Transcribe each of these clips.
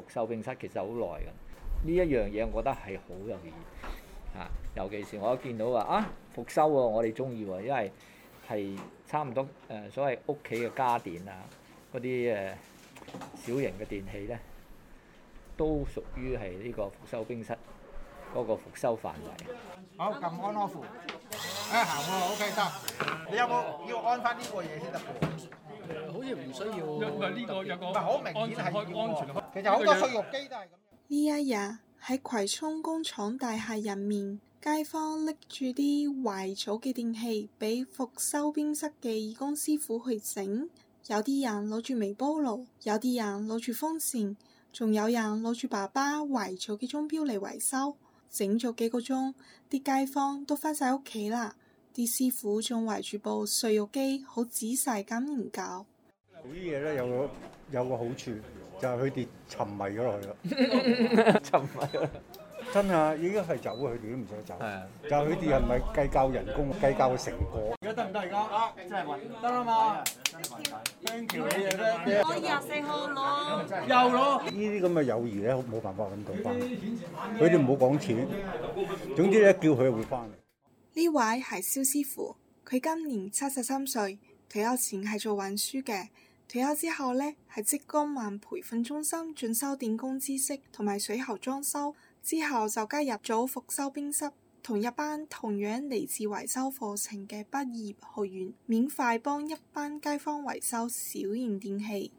復修冰室其實好耐㗎，呢一樣嘢我覺得係好有意義嚇，尤其是我一見到話啊復修喎，我哋中意喎，因為係差唔多誒所謂屋企嘅家電啊，嗰啲誒小型嘅電器咧，都屬於係呢個復修冰室嗰個復修範圍。好，撳安樂符，哎行喎，O.K. 生，你有冇要安翻呢個嘢先得㗎？唔需要，唔係呢個，唔係好明顯係安全。其實好多碎肉機都係咁。呢一日喺葵涌工廠大廈入面，街坊拎住啲壞咗嘅電器，俾復修冰室嘅義工師傅去整。有啲人攞住微波爐，有啲人攞住風扇，仲有人攞住爸爸壞咗嘅鐘錶嚟維修。整咗幾個鐘，啲街坊都返晒屋企啦。啲師傅仲圍住部碎肉機，好仔細咁研究。做啲嘢咧，有個有個好處，就係佢哋沉迷咗落去咯。沉迷啊！真係啊，已經係走啊，佢哋都唔想走。就係佢哋係咪係計較人工，計較成果。而家得唔得？而家啊，真係得啦嘛！京橋你哋咧，我廿四號攞又攞。呢啲咁嘅友誼咧，冇辦法咁到翻。佢哋唔好講錢，總之咧叫佢會翻嚟。呢位係蕭師傅，佢今年七十三歲，佢以前係做運輸嘅。退休之後呢，係職工萬培訓中心進修電工知識同埋水喉裝修，之後就加入咗復修冰室，同一班同樣嚟自維修課程嘅畢業學員，免費幫一班街坊維修小型電器。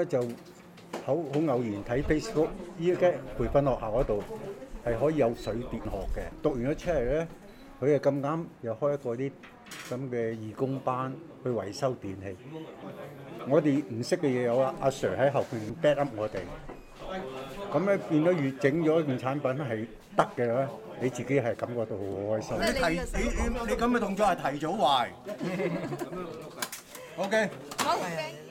電好好偶然睇 Facebook，依家培訓學校嗰度係可以有水電學嘅，讀完咗出嚟咧，佢又咁啱又開一個啲咁嘅義工班去維修電器。我哋唔識嘅嘢有啊，阿 Sir 喺後面 backup 我哋。咁咧變咗越整咗件產品係得嘅咧，你自己係感覺到好開心。你提你你你咁嘅動作係提早壞。O K。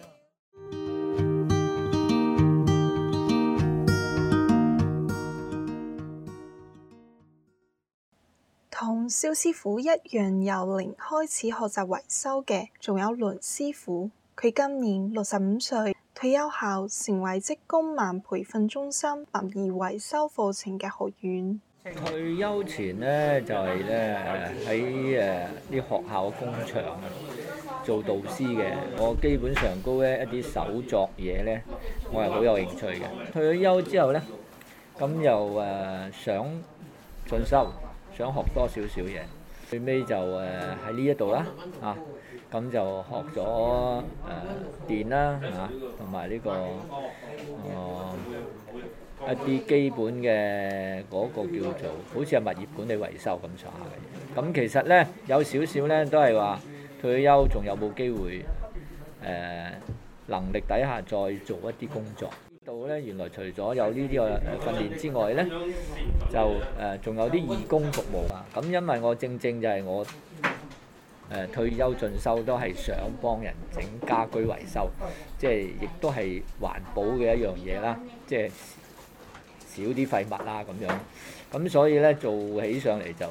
同肖師傅一樣，由零開始學習維修嘅，仲有倫師傅。佢今年六十五歲，退休後成為職工盟培訓中心民業維修課程嘅學員。退休前咧就係咧喺誒啲學校嘅工場做導師嘅。我基本上都咧一啲手作嘢咧，我係好有興趣嘅。退咗休之後咧，咁又誒想進修。想學多少少嘢，最尾就誒喺呢一度啦，啊，咁就學咗誒、呃、電啦，啊，同埋呢個哦、呃、一啲基本嘅嗰個叫做，好似係物業管理維修咁上下嘅。咁其實呢，有少少呢都係話退休仲有冇機會誒、呃、能力底下再做一啲工作？到咧，原來除咗有呢啲嘅訓練之外咧，就誒仲、呃、有啲義工服務啊。咁因為我正正就係我誒、呃、退休進修都係想幫人整家居維修，即係亦都係環保嘅一樣嘢啦，即、就、係、是、少啲廢物啦、啊、咁樣。咁所以咧做起上嚟就誒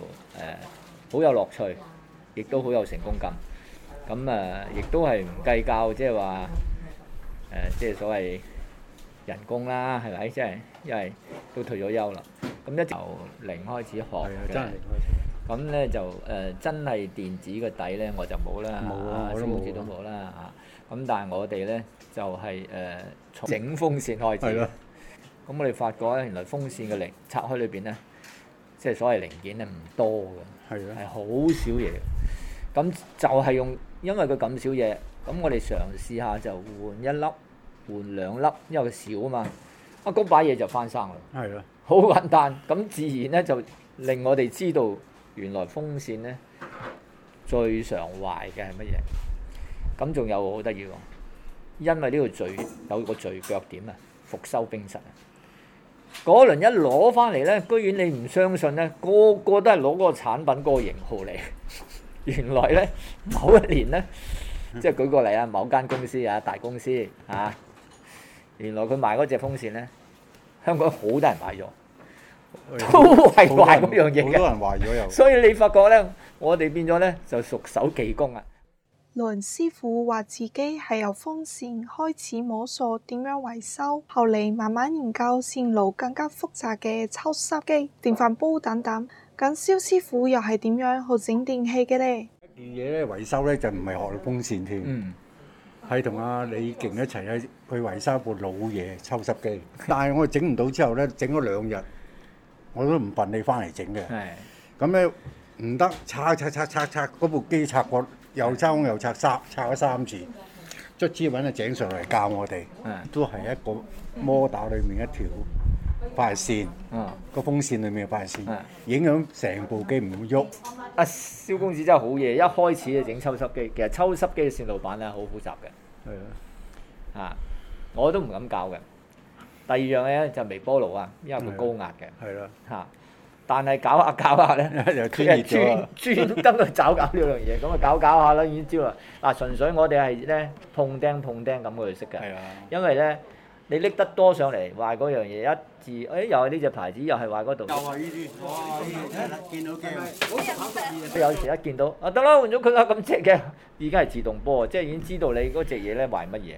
好、呃、有樂趣，亦都好有成功感。咁啊，亦都係唔計較，即係話誒，即、呃、係、就是、所謂，人工啦，係咪？即係因為都退咗休啦，咁一由零開始學嘅，咁咧就誒、呃、真係電子嘅底咧我就冇啦，啊，數都冇啦，啊，咁、啊、但係我哋咧就係、是、誒、呃、從整風扇開始，咁的我哋發覺咧原來風扇嘅零拆開裏邊咧，即係所謂零件咧唔多㗎，係好的少嘢，咁就係用，因為佢咁少嘢，咁我哋嘗試下就換一粒，換兩粒，因為佢少啊嘛，一、啊、把嘢就翻生啦，係咯的，好簡單，咁自然咧就令我哋知道原來風扇咧最常壞嘅係乜嘢，咁仲有好得意喎，因為呢度聚有個聚腳點啊，復修冰室啊，嗰輪一攞翻嚟咧，居然你唔相信咧，個個都係攞嗰個產品嗰個型號嚟，原來咧某一年咧，即係舉個例啊，某間公司啊，大公司啊。原來佢賣嗰隻風扇咧，香港好多人買咗，都係壞嗰樣嘢，好多人壞咗又。 所以你發覺咧，我哋變咗咧就熟手技工啊。梁師傅話自己係由風扇開始摸索點樣維修，後嚟慢慢研究線路更加複雜嘅抽濕機、電飯煲等等。咁肖師傅又係點樣去整電器嘅咧？件嘢咧維修咧就唔係學風扇添。嗯係同阿李勁一齊去維修一部老嘢抽濕機，Okay. 但係我整唔到之後咧，整咗兩日，我都唔笨你翻嚟整嘅。係是，咁咧唔得，拆拆拆拆拆嗰部機拆過，又拆又拆沙，拆咗三次，卒之揾阿井上嚟教我哋，都係一個摩打裡面一條排線，個風扇裏面嘅排線，影響成部機唔會喐。阿蕭公子真係好嘢，一開始就整抽濕機，其實抽濕機嘅線路板咧好複雜嘅。係啊，嚇我都唔敢搞嘅。第二樣咧就微波爐啊，因為佢高壓嘅。係咯，嚇！但係搞下搞下咧，又專業咗。專專登去搞搞呢樣嘢，咁啊搞搞下啦，已經知啦。嗱，純粹我哋係咧碰釘碰釘咁去識嘅，係啊，因為咧。你拎得多上嚟，壞嗰樣嘢一致，哎又係呢隻牌子，又係壞嗰度。有時一見到，啊得啦，換咗佢啦，咁直嘅。而家係自動波即係已經知道你嗰隻嘢咧壞乜嘢。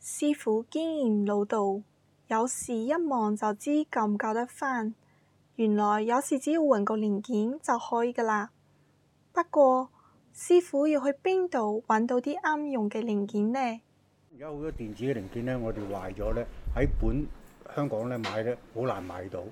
師傅經驗老道，有時一望就知救唔救得翻。原來有時只要換個零件就可以㗎啦。不過。師傅要去邊度揾到啲啱用嘅零件呢？而家好多電子嘅零件咧，我哋壞咗咧，喺本香港咧買咧好難買到。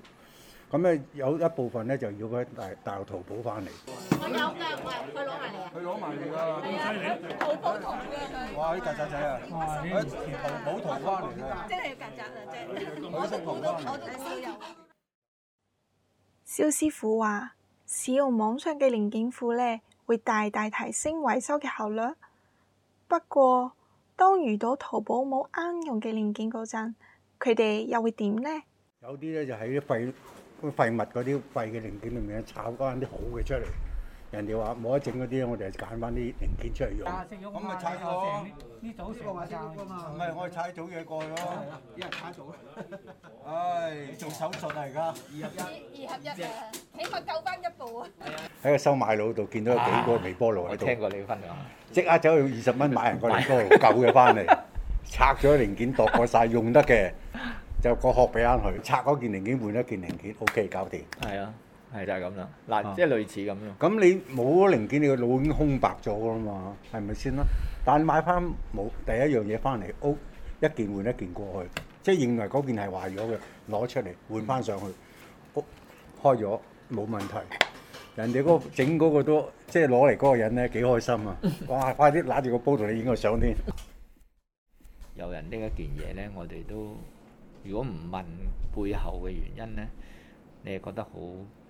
咁咧有一部分咧就要去大大陸淘寶翻嚟。我有㗎，佢攞埋嚟啊！佢攞埋嚟㗎，好普通㗎佢。哇！啲曱甴仔啊，喺淘寶淘翻嚟啊！即係曱甴啊！即係佢識淘寶，我都知道有。肖師傅話：使用網上嘅零件庫咧。會大大提升維修嘅效率，不過當遇到淘寶冇啱用嘅零件嗰陣，佢哋又會點咧？有啲咧就喺啲廢、廢物嗰啲廢嘅零件裏面炒返啲好嘅出嚟。人哋話冇得整嗰啲，我哋係揀翻啲零件出嚟用。咁咪拆咗？唔係，我係拆咗嘢過咗。一人拆到。唉，做手術啊，而家二合一，二合一啊，起碼救翻一部啊。喺個收買佬度見到有幾個微波爐喺度。我聽過你分享。即刻走去二十蚊買人個微波爐，救嘅翻嚟，拆咗零件度過晒，用得嘅就個殼俾翻佢，拆嗰件零件換一件零件，OK，搞掂。係啊。係就係咁啦，嗱、啊，即係類似咁咯。咁、啊、你冇零件，你個腦已經空白咗㗎啦嘛，係咪先啦？但買翻冇第一樣嘢翻嚟屋，一件換一件過去，即係認為嗰件係壞咗嘅，攞出嚟換翻上去，O、嗯、開咗冇問題。人哋嗰個整嗰個都，即係攞嚟嗰個人咧幾開心啊！ 哇，快啲攞住個煲同你影個相添。有 人拎一件嘢咧，我哋都如果唔問背後嘅原因咧，你係覺得好。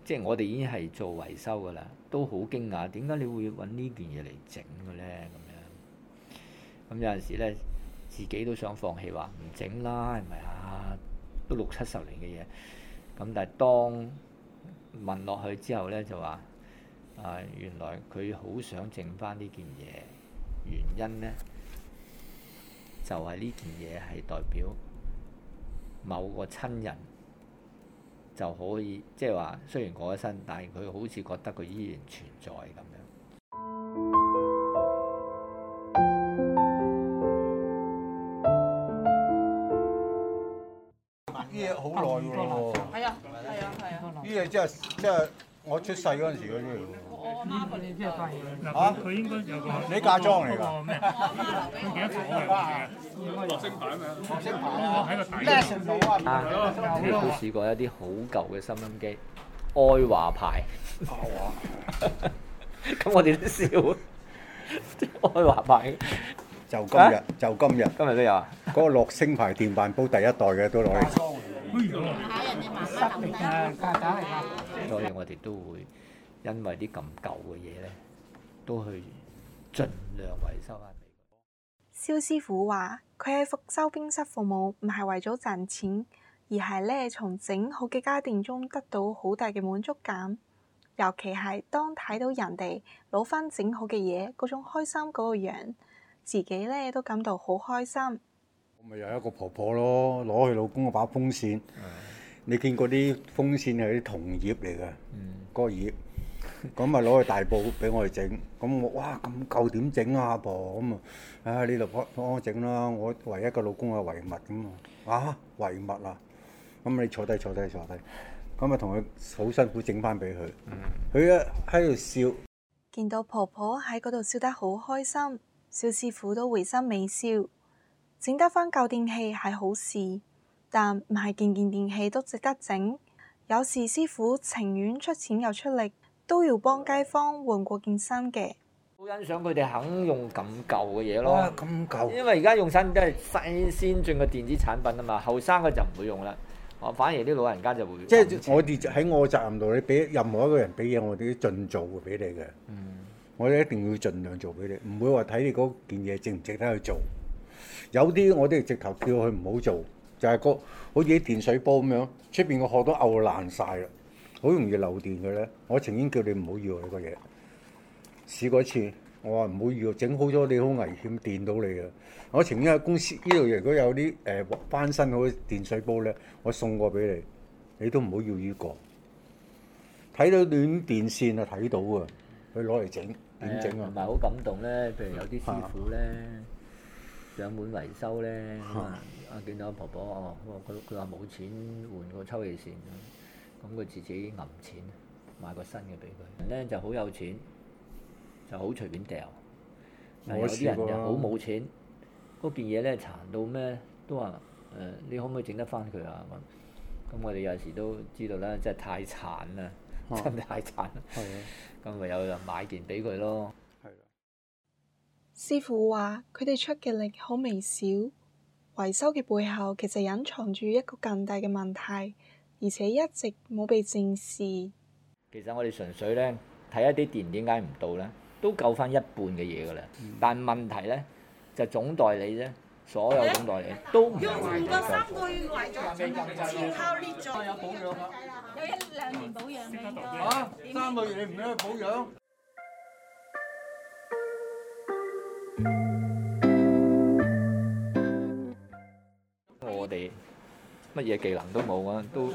即係我哋已經係做維修㗎啦，都好驚訝，點解你會揾呢件嘢嚟整嘅咧？咁樣咁有陣時咧，自己都想放棄話唔整啦，係咪啊？都六七十年嘅嘢，咁但係當問落去之後咧，就話啊、呃，原來佢好想整翻呢件嘢，原因咧就係、是、呢件嘢係代表某個親人。就可以，即係話雖然過咗身，但係佢好似覺得佢依然存在咁樣。呢嘢好耐喎。 係啊，係啊，係啊。呢嘢即係即係。我出世嗰陣時嗰啲嚟喎，我媽嗰陣時先發現。啊，佢應該有個你嫁妝嚟㗎。嗰個咩？幾多錢啊？嗰個樂聲牌咁樣，樂聲牌啊，喺個底。啊，我試過一啲好舊嘅收音機，愛華牌。愛華。咁我哋都笑，愛華牌。就今日，就今日。今日都有啊。嗰個樂聲牌電飯煲第一代嘅都攞嚟。 所以我哋都會因為啲咁舊嘅嘢呢，都去盡量維修翻。蕭師傅話：佢喺復修冰室服務，唔係為咗賺錢，而係呢，從整好嘅家電中得到好大嘅滿足感。尤其係當睇到人哋攞翻整好嘅嘢，嗰種開心嗰個樣，自己呢都感到好開心。咪有一個婆婆咯，攞佢老公嗰把風扇，uh huh。你見嗰啲風扇係啲銅葉嚟嘅，嗰葉、uh，咁咪攞去大埔俾我哋整，咁我哇咁夠點整啊阿婆咁啊，啊你老婆幫我整啦、啊，我唯一個老公嘅遺物咁啊，啊遺物啊，咁你坐低坐低坐低，咁咪同佢好辛苦整翻俾佢，佢一喺度笑，見到婆婆喺嗰度笑得好開心，小師傅都回心微笑。整得翻舊電器係好事，但唔係件件電器都值得整。有時師傅情願出錢又出力，都要幫街坊換過件新嘅。好欣賞佢哋肯用咁舊嘅嘢咯，咁舊？因為而家用新都係新鮮轉嘅電子產品啊嘛，後生嘅就唔會用啦。我反而啲老人家就會用。即係我哋喺我嘅責任度，你俾任何一個人俾嘢，我哋都盡做嘅俾你嘅。嗯，我哋一定要盡量做俾你，唔會話睇你嗰件嘢值唔值得去做。有啲我都直頭叫佢唔好做，就係個好似啲電水煲咁樣，出邊個殼都漚爛晒啦，好容易漏電嘅咧。我情願叫你唔好要呢個嘢，試過一次，我話唔好要，整好咗你好危險，電到你啊！我情願喺公司呢度如果有啲誒翻新嗰啲電水煲咧，我送過俾你，你都唔好要呢個。睇到斷電線就啊，睇到啊，佢攞嚟整點整啊，唔係好感動咧，譬如有啲師傅咧。上門維修咧、嗯啊，啊見到阿婆婆哦，佢佢話冇錢換個抽氣扇，咁、啊、佢自己揞錢買個新嘅俾佢。人咧就好有錢，就好隨便掉；但有啲人就好冇錢，嗰、啊、件嘢咧殘到咩都話誒、呃，你可唔可以整得返佢啊？咁、啊嗯、我哋有時都知道啦，真係太殘啦，啊、真係太殘啦。咁唯有人買件俾佢咯。師傅話：佢哋出嘅力好微小，維修嘅背後其實隱藏住一個更大嘅問題，而且一直冇被正視。其實我哋純粹咧睇一啲電點解唔到咧，都救翻一半嘅嘢噶啦。但問題咧就總代理啫，所有總代理都唔用。用唔過三個月，千敲裂柱，有保養。有一兩年保養幾多？嚇，三個月你唔去保養？我哋乜嘢技能都冇啊，都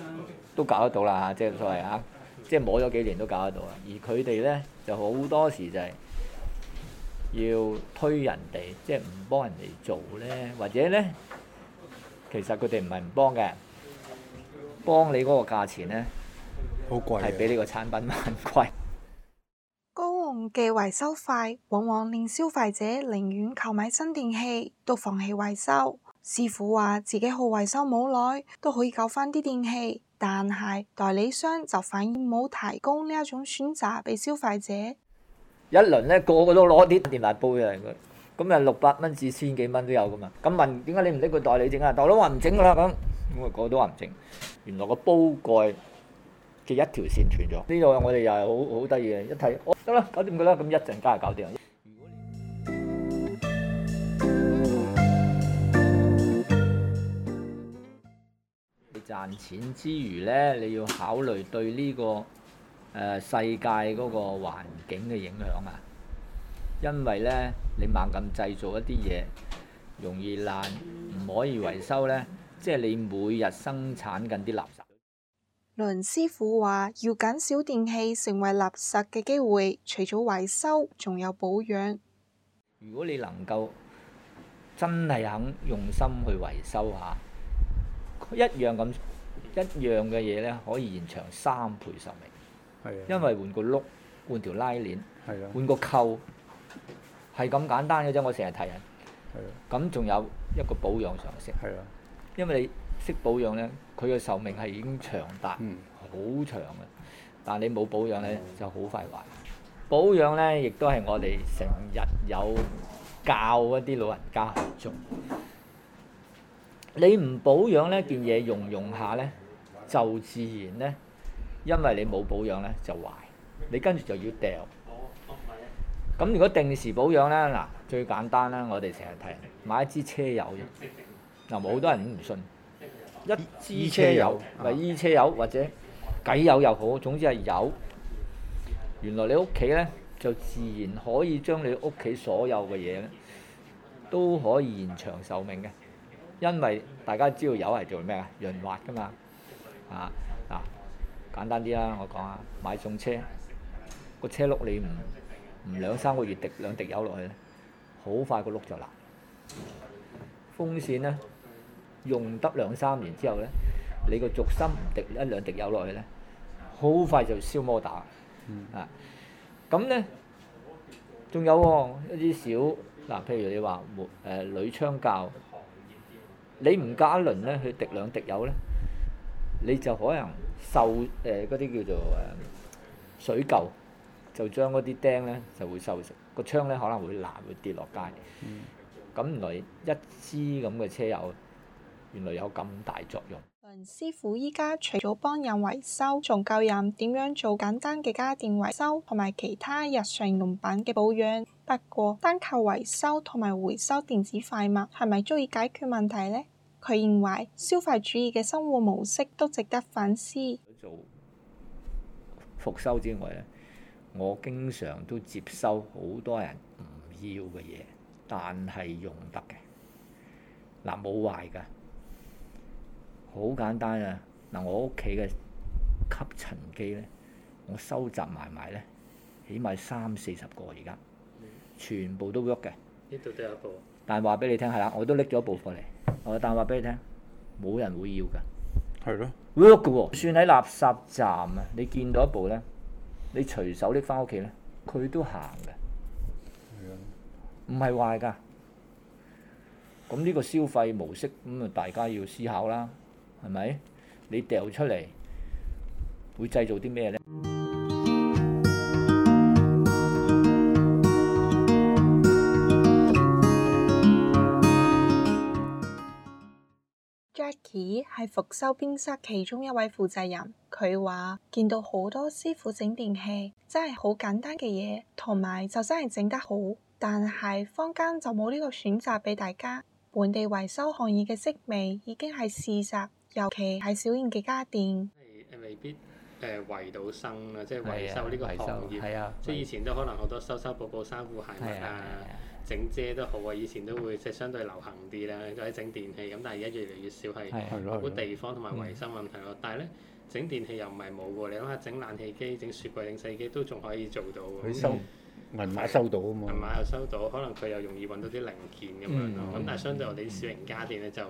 都搞得到啦吓，即係所謂吓，即係摸咗幾年都搞得到啦。而佢哋呢就好多時就係要推人哋，即係唔幫人哋做呢，或者呢，其實佢哋唔係唔幫嘅，幫你嗰個價錢呢，好貴，係比呢個產品貴。嘅維修費，往往令消費者寧願購買新電器，都放棄維修。師傅話自己好維修冇耐，都可以救翻啲電器，但係代理商就反而冇提供呢一種選擇俾消費者。一輪咧，個個都攞啲電飯煲嘅，咁啊六百蚊至千幾蚊都有噶嘛。咁問點解你唔拎佢，代理整啊？大佬話唔整啦，咁我我都話唔整。原來個煲蓋。就一條線斷咗，呢度我哋又係好好得意嘅。一睇，我得啦，搞掂佢啦，咁一陣間就搞掂。你賺錢之餘呢，你要考慮對呢個、呃、世界嗰個環境嘅影響啊，因為呢，你猛咁製造一啲嘢，容易爛，唔可以維修呢。即係你每日生產緊啲垃圾。倫師傅話，要減少電器成為垃圾嘅機會，除咗維修，仲有保養。如果你能夠真係肯用心去維修下，一樣咁一樣嘅嘢咧，可以延長三倍壽命。係啊的。因為，換個轆，換條拉鏈，係啊的，換個扣，係咁簡單嘅啫。我成日提人，係啊的，咁仲有一個保養常識，係啊的，因為你。識保養咧，佢嘅壽命係已經長達好長嘅，但係你冇保養咧，就好快壞。保養咧，亦都係我哋成日有教一啲老人家去做。你唔保養呢，件嘢用用下咧，就自然咧，因為你冇保養咧，就壞，你跟住就要掉。咁如果定時保養咧，嗱，最簡單啦，我哋成日提買一支車油啫。嗱，冇多人唔信。一支車油，咪衣車油，車油或者機油又好，總之係油。原來你屋企咧就自然可以將你屋企所有嘅嘢咧都可以延長壽命嘅，因為大家知道油係做咩啊？潤滑㗎嘛。啊嗱、啊，簡單啲啦，我講啊，買餸車個車碌你唔唔兩三個月滴兩滴油落去，好快個碌就爛。風扇咧？用得兩三年之後咧，你個軸心滴一兩滴油落去咧，好快就燒摩打啊！咁咧仲有喎一啲小嗱，譬如你話換誒鋁槍教，你唔加一輪咧，去滴兩滴油咧，你就可能受誒嗰啲叫做誒水垢，就將嗰啲釘咧就會受損，個槍咧可能會爛，會跌落街。咁原來一支咁嘅車油。原來有咁大作用。林師傅依家除咗幫人維修，仲教人點樣做簡單嘅家電維修同埋其他日常用品嘅保養。不過，單靠維修同埋回收電子廢物係咪足以解決問題呢？佢認為消費主義嘅生活模式都值得反思。做復修之外咧，我經常都接收好多人唔要嘅嘢，但係用得嘅。嗱，冇壞㗎。好簡單啊！嗱，我屋企嘅吸塵機咧，我收集埋埋咧，起碼三四十個而家，全部都喐嘅。呢度都有一部，但話俾你聽係啦，我都拎咗一部過嚟。我但話俾你聽，冇人會要㗎。係咯，喐㗎喎。算喺垃圾站啊，你見到一部咧，你隨手拎翻屋企咧，佢都行嘅。係啊，唔係壞㗎。咁呢個消費模式，咁啊大家要思考啦。係咪？你掉出嚟會製造啲咩呢？Jacky 係復修冰室其中一位負責人，佢話見到好多師傅整電器，真係好簡單嘅嘢，同埋就真係整得好。但係坊間就冇呢個選擇俾大家。本地維修行業嘅職位已經係事實。尤其係小型嘅家電，未必誒維到生啦，即係維修呢個行業，係啊，即係以前都可能好多修修補補衫褲鞋襪啊，整遮都好啊，以前都會即係相對流行啲啦，都係整電器咁，但係而家越嚟越少係，好地方同埋衞生問題咯。但係咧，整電器又唔係冇嘅，你諗下整冷氣機、整雪櫃、整洗機都仲可以做到嘅。佢收銀碼收到啊嘛，銀碼又收到，可能佢又容易揾到啲零件咁樣咯。咁但係相對我哋小型家電咧就。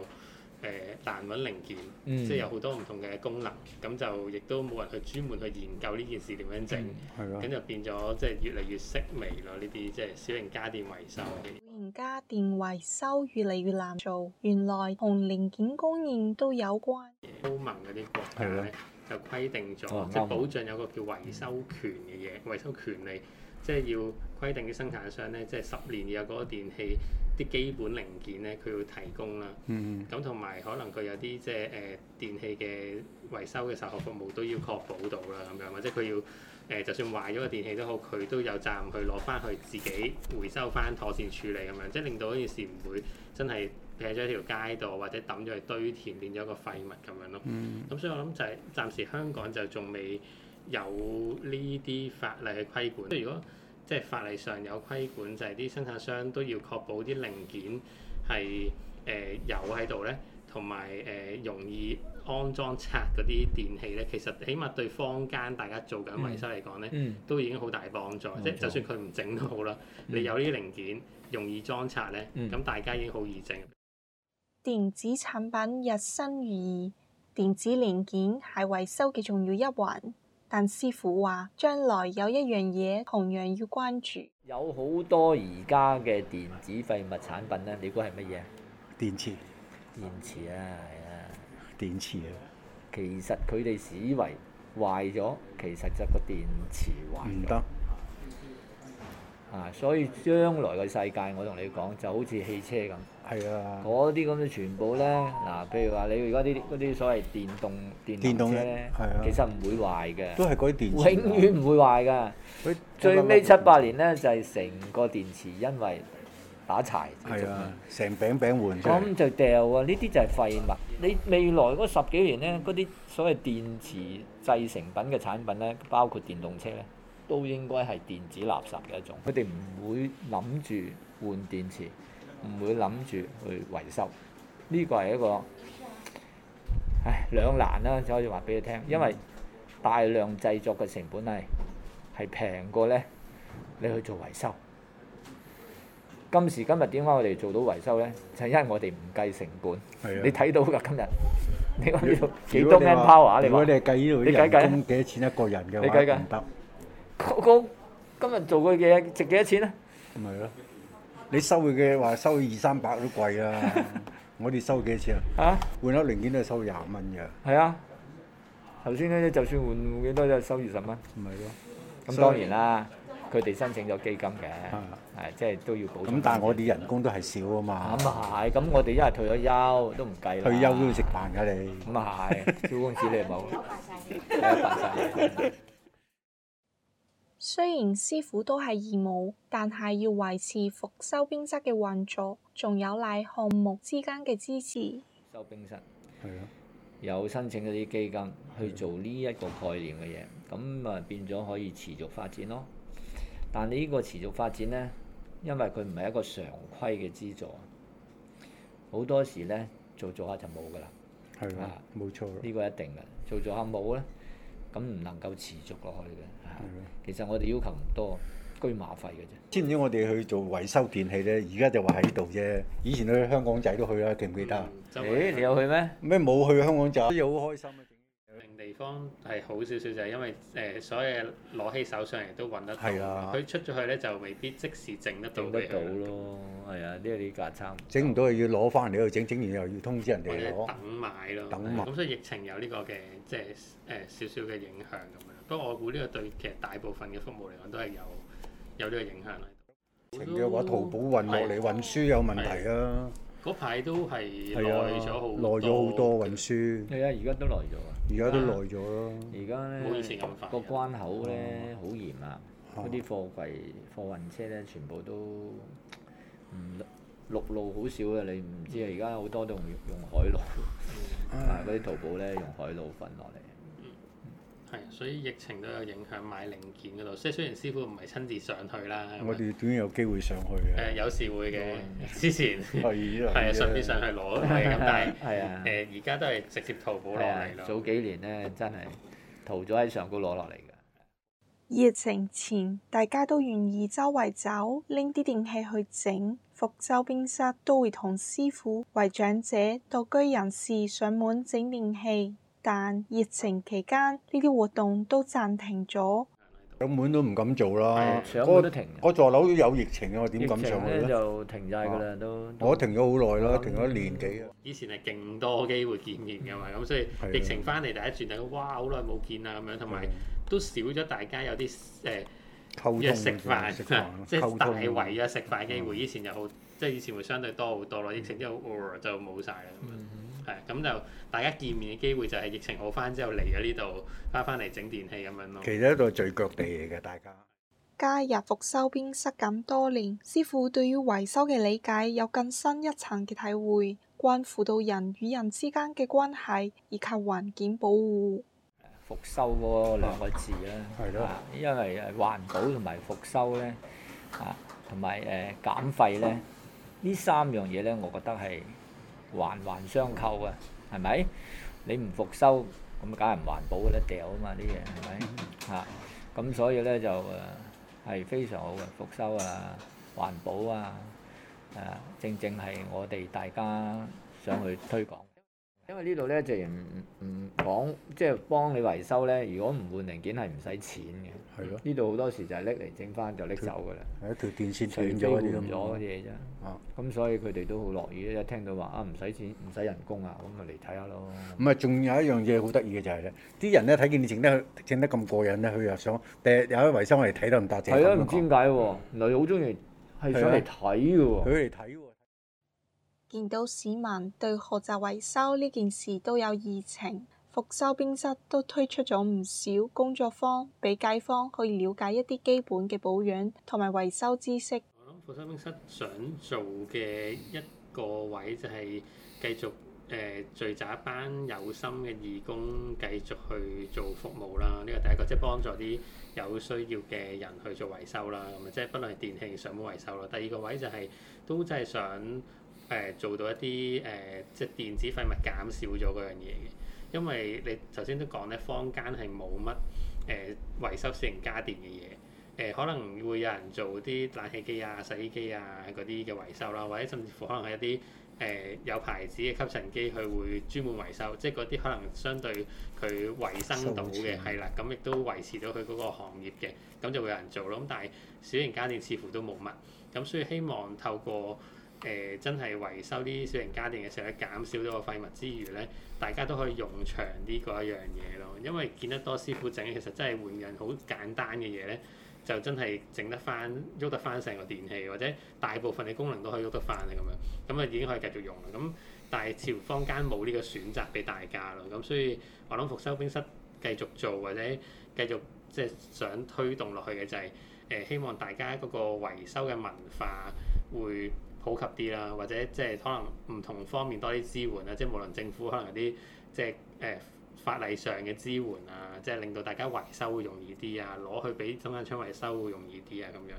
誒難揾零件，嗯、即係有好多唔同嘅功能，咁就亦都冇人去專門去研究呢件事點樣整，咁、嗯、就變咗即係越嚟越式微咯。呢啲即係小型家電維修啲。小型家電維修越嚟越難做，原來同零件供應都有關。歐盟嗰啲國家咧的就規定咗，即係、哦、保障有個叫維修權嘅嘢，嗯、維修權利。即係要規定啲生產商咧，即係十年有嗰個電器啲基本零件咧，佢要提供啦。嗯嗯。咁同埋可能佢有啲即係誒電器嘅維修嘅售後服務都要確保到啦，咁樣或者佢要誒、呃、就算壞咗個電器都好，佢都有責任去攞翻去自己回收翻妥善處理咁樣，即係令到嗰件事唔會真係劈咗喺條街度，或者抌咗去堆填變咗個廢物咁樣咯。咁、mm hmm. 所以我諗就係暫時香港就仲未。有呢啲法例去規管，即係如果即係法例上有規管，就係、是、啲生產商都要確保啲零件係誒、呃、有喺度咧，同埋誒容易安裝拆嗰啲電器咧。其實起碼對坊間大家做緊維修嚟講咧，嗯嗯、都已經好大幫助。即係冇錯、就算佢唔整都好啦，你有呢啲零件容易裝拆咧，咁、嗯、大家已經好易整。電子產品日新月異，電子零件係維修嘅重要一環。但師傅話，將來有一樣嘢同樣要關注，有好多而家嘅電子廢物產品咧，你估係乜嘢？電池。電池啊，係啊，電池啊。其實佢哋以為壞咗，其實就係個電池壞。唔得。啊，所以將來嘅世界，我同你講，就好似汽車咁。係啊。嗰啲咁嘅全部咧，嗱、啊，譬如話你而家啲啲所謂電動電動車呢，係啊，其實唔會壞嘅。都係啲電池永遠唔會壞㗎。佢最尾七八年咧，就係、係、成個電池因為打柴。係啊，成餅餅換咁就掉啊！呢啲就係廢物。你未來嗰十幾年咧，嗰啲所謂電池製成品嘅產品咧，包括電動車咧。都應該係電子垃圾嘅一種，佢哋唔會諗住換電池，唔會諗住去維修。呢個係一個唉兩難啦，就可以話俾你聽。因為大量製作嘅成本係係平過呢，你去做維修。今時今日點解我哋做到維修呢？就係因為我哋唔計成本。係啊。你睇到㗎今日。你講呢度幾多 manpower？如果你係計呢度啲人工幾多錢一個人嘅話，唔得。個今日做個嘢值幾多錢啊？唔係咯，你收佢嘅話收佢二三百都貴啊！我哋收幾多錢啊？啊！換咗零件都係收廿蚊嘅。係啊，頭先咧就算換幾多都係收二十蚊。唔係咯，咁當然啦，佢哋申請咗基金嘅，係即係都要補。咁但係我哋人工都係少啊嘛。咁啊係，咁我哋一係退咗休都唔計啦。退休都要食飯㗎你。咁啊係，做公司你冇。雖然師傅都係義務，但係要維持復修冰室嘅運作，仲有賴項目之間嘅支持。修冰室係啊，有 申請一啲基金去做呢一個概念嘅嘢，咁咪變咗可以持續發展咯。但係呢個持續發展咧，因為佢唔係一個常規嘅資助，啊。好多時咧做做下就冇㗎啦。係啊，冇錯，呢個一定嘅，做做下冇咧。錯咁唔能夠持續落去嘅，的其實我哋要求唔多，居馬費嘅啫。知唔知我哋去做維修電器咧？而家就話喺度啫。以前去香港仔都去啦，記唔記得？就去、嗯欸，你有去咩？咩冇去香港仔？又好開心。另地方係好少少，就係因為誒、呃，所有攞起手上亦都揾得到。佢、啊、出咗去咧，就未必即時整得到。整得到咯，係啊，呢啲架差。整唔到又要攞翻嚟去整，整完又要通知人哋或者等買咯。等買嘛。咁、啊、所以疫情有呢個嘅，即係誒少少嘅影響咁樣。不過我估呢個對其實大部分嘅服務嚟講都係有有呢個影響。疫情嘅話，淘寶運落嚟運輸有問題啊！嗰排都係耐咗好耐咗好多運輸。係啊，而家都耐咗啊！ 而家都耐咗咯，而家咧個關口咧好嚴啊！嗰啲貨櫃貨運車咧全部都唔陸陸路好少嘅，啊，你唔知啊！而家好多都用用海路啊，嗰啲淘寶咧用海路運落嚟。係，所以疫情都有影響買零件嗰度。即係雖然師傅唔係親自上去啦，是是我哋終有機會上去啊！誒、呃，有時會嘅，嗯、之前係順便上去攞嘅咁，但係誒而家都係直接淘寶落嚟咯。早幾年咧，真係淘咗喺上高攞落嚟㗎。疫情前大家都願意周圍走拎啲電器去整，復修冰室都會同師傅為長者、獨居人士上門整電器。但疫情期間，呢啲活動都暫停咗。上門都唔敢做啦，上門都停。我座樓都有疫情啊，我點敢上去？就停曬噶啦，都我停咗好耐啦，停咗年幾。以前係勁多機會見面嘅嘛，咁所以疫情翻嚟第一轉，大家，哇好耐冇見啊咁樣，同埋都少咗大家有啲誒約食飯，即係大圍啊食飯機會。以前又好，即係以前會相對多好多咯。疫情之後就冇晒啦。係咁就大家見面嘅機會就係疫情好翻之後嚟咗呢度翻翻嚟整電器咁樣咯。其實呢度係聚腳地嚟㗎，大家。加入復修冰室咁多年，師傅對於維修嘅理解有更深一層嘅體會，關乎到人與人之間嘅關係以及環境保護。復修個兩個字啦，係咯、 啊，因為誒環保同埋復修咧，啊同埋誒減廢咧，呢三樣嘢咧，我覺得係。環環相扣㗎 啊，係咪？你唔復修，咁梗係唔環保嘅啦，掉啊嘛啲嘢，係咪？嚇，咁所以咧就係非常好嘅復修啊，環保啊，誒、啊，正正係我哋大家想去推廣。因為呢度咧就唔唔講，即係、就係、幫你維修咧，如果唔換零件係唔使錢嘅。呢度好多時就係拎嚟整翻就拎走㗎啦。係一條，條電線斷咗斷咗嘢啫。哦，咁、啊啊、所以佢哋都好樂意，一聽到話啊唔使錢、唔使人工啊，咁咪嚟睇下咯。唔係，仲有一樣嘢好得意嘅就係、是、咧，啲人咧睇見你整得整得咁過癮咧，佢又想第日有啲維修嚟睇下，唔得謝咁啊。係啊，唔知點解喎，嗯、原來好中意係想嚟睇嘅喎。佢嚟睇喎。見到市民對學習維修呢件事都有熱情。復修冰室都推出咗唔少工作坊，俾街坊可以了解一啲基本嘅保養同埋維修知識。我諗復修冰室想做嘅一個位就係繼續誒、呃、聚集一班有心嘅義工繼續去做服務啦。呢個第一個即係、就是、幫助啲有需要嘅人去做維修啦，咁啊即係不論係電器上門維修啦。第二個位就係、是、都真係想誒、呃、做到一啲誒、呃、即係電子廢物減少咗嗰樣嘢嘅。因為你頭先都講咧，坊間係冇乜誒維修小型家電嘅嘢，誒、呃、可能會有人做啲冷氣機啊、洗衣機啊嗰啲嘅維修啦，或者甚至乎可能係一啲誒、呃、有牌子嘅吸塵機，佢會專門維修，即係嗰啲可能相對佢維生到嘅，係啦，咁亦都維持到佢嗰個行業嘅，咁就會有人做咯。咁但係小型家電似乎都冇乜，咁所以希望透過。誒、呃、真係維修啲小型家電嘅時候咧，減少咗個廢物之餘咧，大家都可以用長啲嗰一樣嘢咯。因為見得多師傅整，其實真係換緊好簡單嘅嘢咧，就真係整得翻，喐得翻成個電器，或者大部分嘅功能都可以喐得翻啊咁樣。咁啊已經可以繼續用啦。咁但係似乎坊間冇呢個選擇俾大家咯。咁所以我諗復修冰室繼續做，或者繼續即係想推動落去嘅就係、是、誒、呃、希望大家嗰個維修嘅文化會。普及啲啦，或者即係可能唔同方面多啲支援啦，即係無論政府可能有啲即係誒、eh, 法例上嘅支援啊，即係令到大家維修會容易啲啊，攞去俾中間商維修會容易啲啊咁樣。